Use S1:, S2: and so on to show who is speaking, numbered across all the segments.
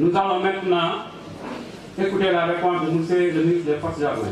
S1: Nous allons maintenant écouter la réponse de M. le ministre des Forces armées.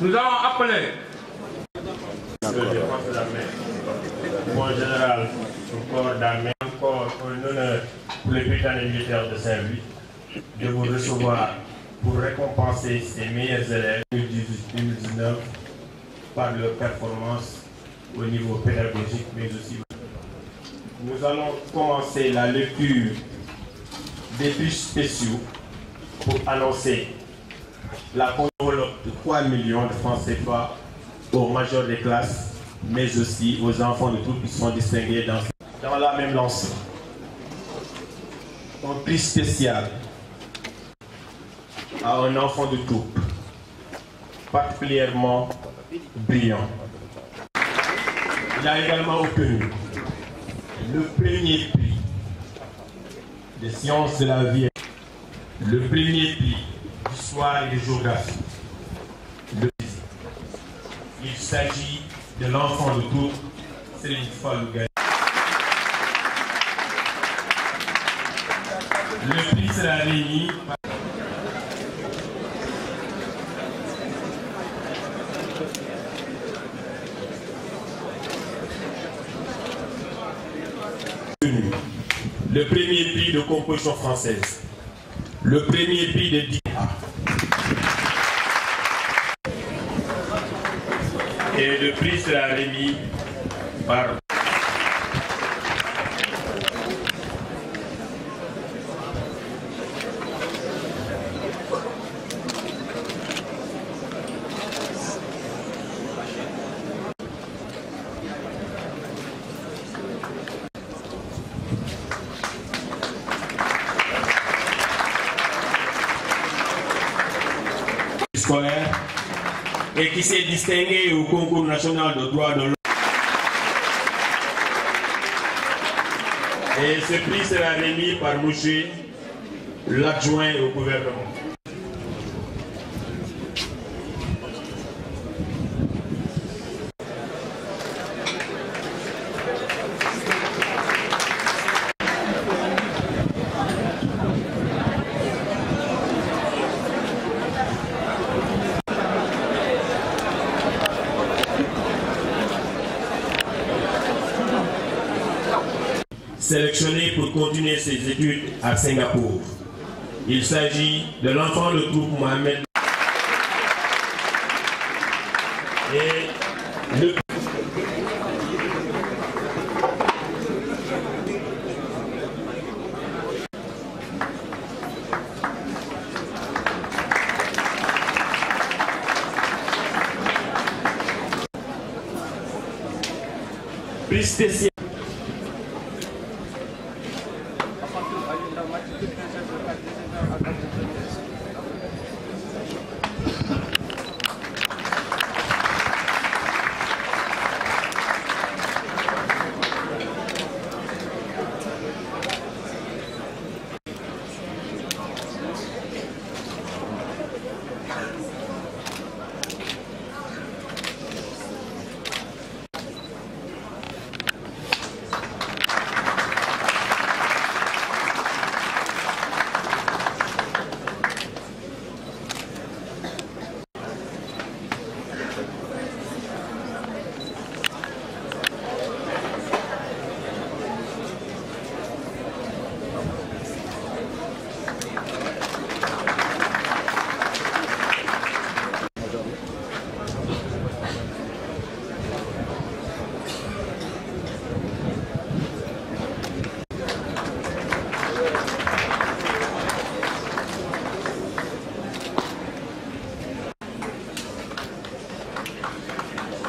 S1: Nous allons appeler le Forces mon général, le corps d'armée, encore un honneur pour les pétanés militaires de Saint-Louis, de vous recevoir pour récompenser ces meilleurs élèves 2019 par leur performance au niveau pédagogique, mais aussi nous allons commencer la lecture des puces spéciaux pour annoncer la enveloppe de 3 millions de francs CFA aux majeurs des classes, mais aussi aux enfants de troupe qui sont distingués dans, dans la même lancée. Un prix spécial à un enfant de troupe, particulièrement brillant. Il a également obtenu le premier prix des sciences de la vie, le premier prix d'histoire et de géographie. Le... Il s'agit de l'enfant de fois une gagnant. Le prix sera réuni par le premier prix de composition française, le premier prix de DIA et le prix sera remis par et qui s'est distingué au concours national de droit de l'homme. Et ce prix sera remis par M. l'adjoint au gouvernement. sélectionné pour continuer ses études à Singapour. Il s'agit de l'enfant de groupe Mohamed et le...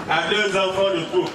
S1: à deux enfants de tout.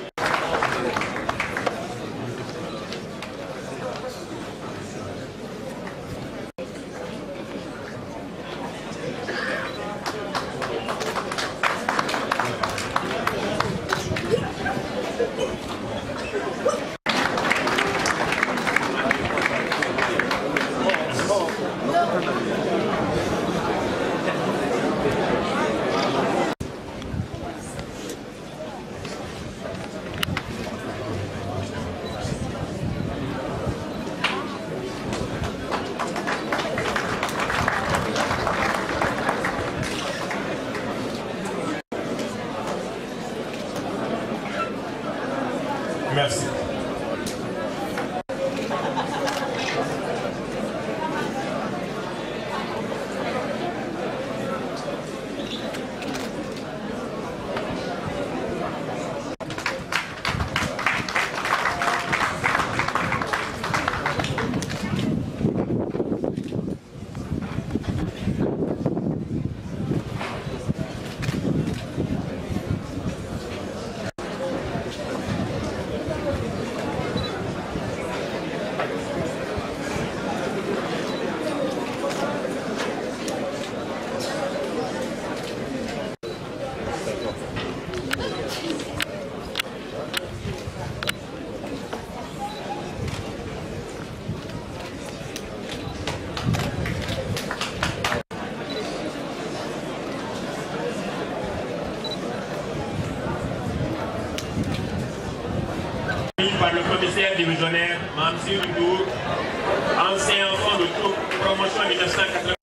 S1: par le commissaire divisionnaire Mamsi Ndour, ancien enfant de toute promotion en 1980.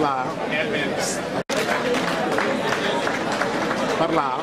S1: par là, par là.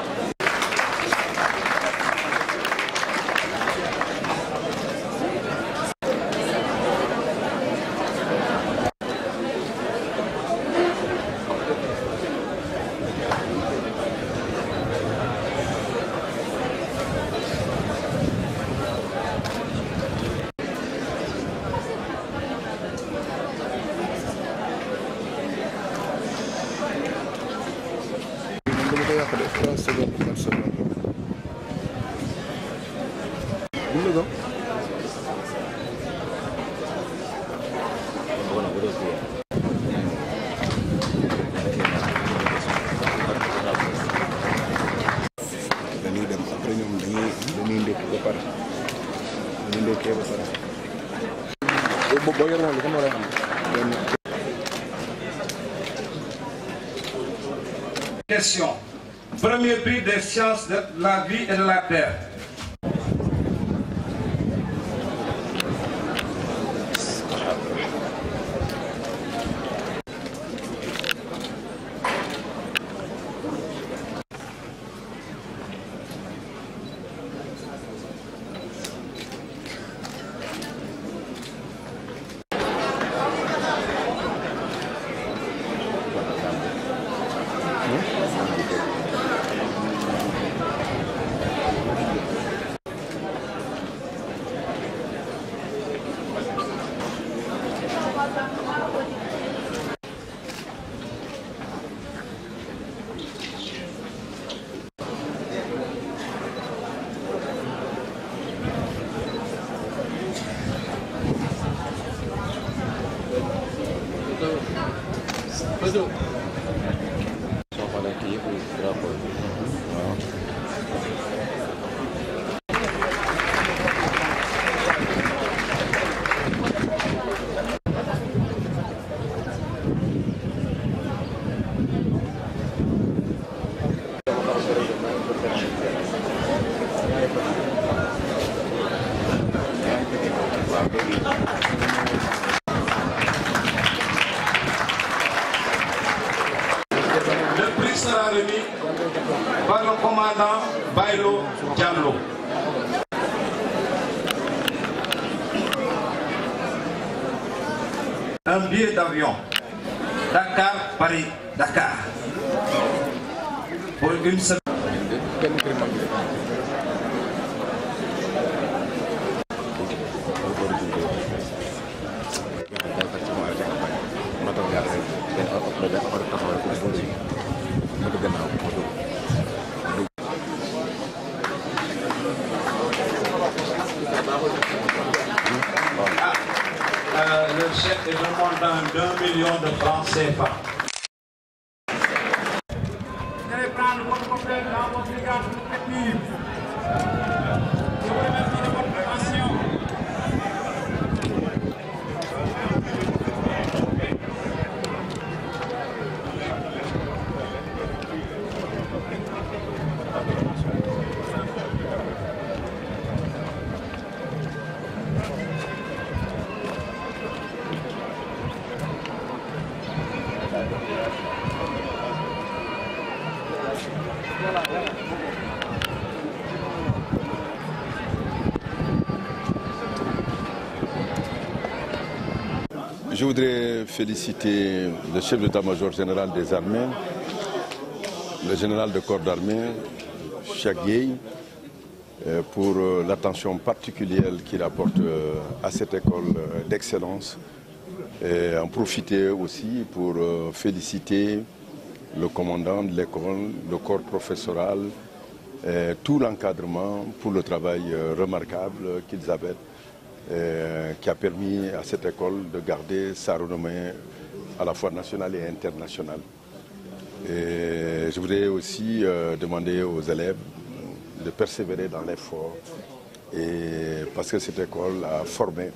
S1: Question. Premier prix des sciences de la vie et de la terre. Let's do it. un billet d'avion Dakar, Paris, Dakar. Pour une semaine. millions de francs CFA.
S2: je voudrais féliciter le chef d'état-major général des armées, le général de corps d'armée, Chagui, euh, pour euh, l'attention particulière qu'il apporte euh, à cette école d'excellence. Et en profiter aussi pour féliciter le commandant de l'école, le corps professoral, tout l'encadrement pour le travail remarquable qu'ils avaient euh, qui a permis à cette école de garder sa renommée à la fois nationale et internationale. je voudrais aussi euh, demander aux élèves de persévérer dans l'effort parce que cette école a formé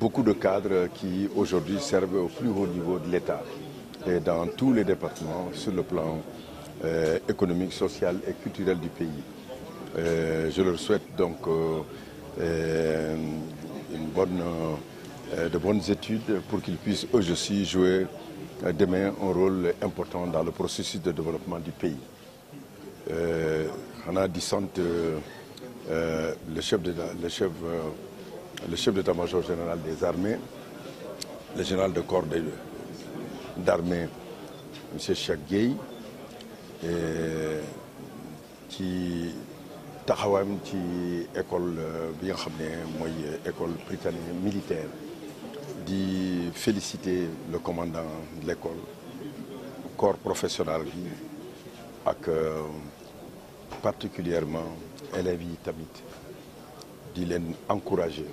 S2: beaucoup de cadres qui aujourd'hui servent au plus haut niveau de l'État et dans tous les départements sur le plan euh, économique, social et culturel du pays. je leur souhaite donc bonne, euh, de bonnes études pour qu'ils puissent eux aussi jouer euh, demain un rôle important dans le processus de développement du pays. en euh, addition, le chef de, le chef, le chef d'état-major général des armées, le général de corps d'armée, M. Chagui, qui taxawam ci école euh, bi nga xamné moy euh, école britannique militaire di féliciter le commandant de l'école corps professionnel bi ak euh, particulièrement élèves tamit di len encourager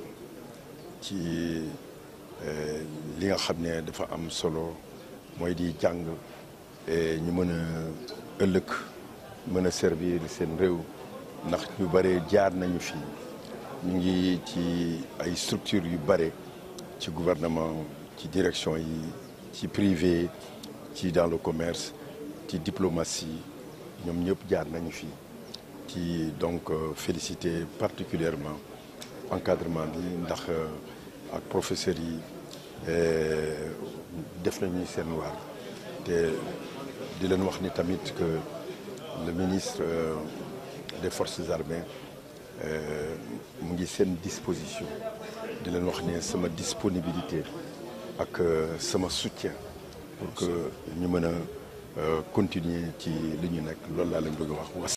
S2: ci li nga xamné dafa am solo moy di et ñu mëna a mëna mën servir seen réew ndax ñu bare jaar nañu fi ñu ngi ci ay structures yu bare ci gouvernement ci direction yi ci privé ci dans le commerce ci diplomatie ñom ñëpp jaar nañu fi ci donc euh, féliciter particulièrement encadrement bi ndax euh, ak professeur yi euh, def nañu seen waar té di leen wax ni tamit que le ministre des forces armées nous euh, ngi une disposition de la wax c'est disponibilité ak euh, mon soutien pour que nous euh, puissions continuer ce que nous avons